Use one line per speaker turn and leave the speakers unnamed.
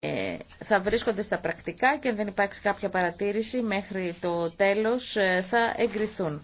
Ε, θα βρίσκονται στα πρακτικά και αν δεν υπάρξει κάποια παρατήρηση μέχρι το τέλος ε, θα εγκριθούν.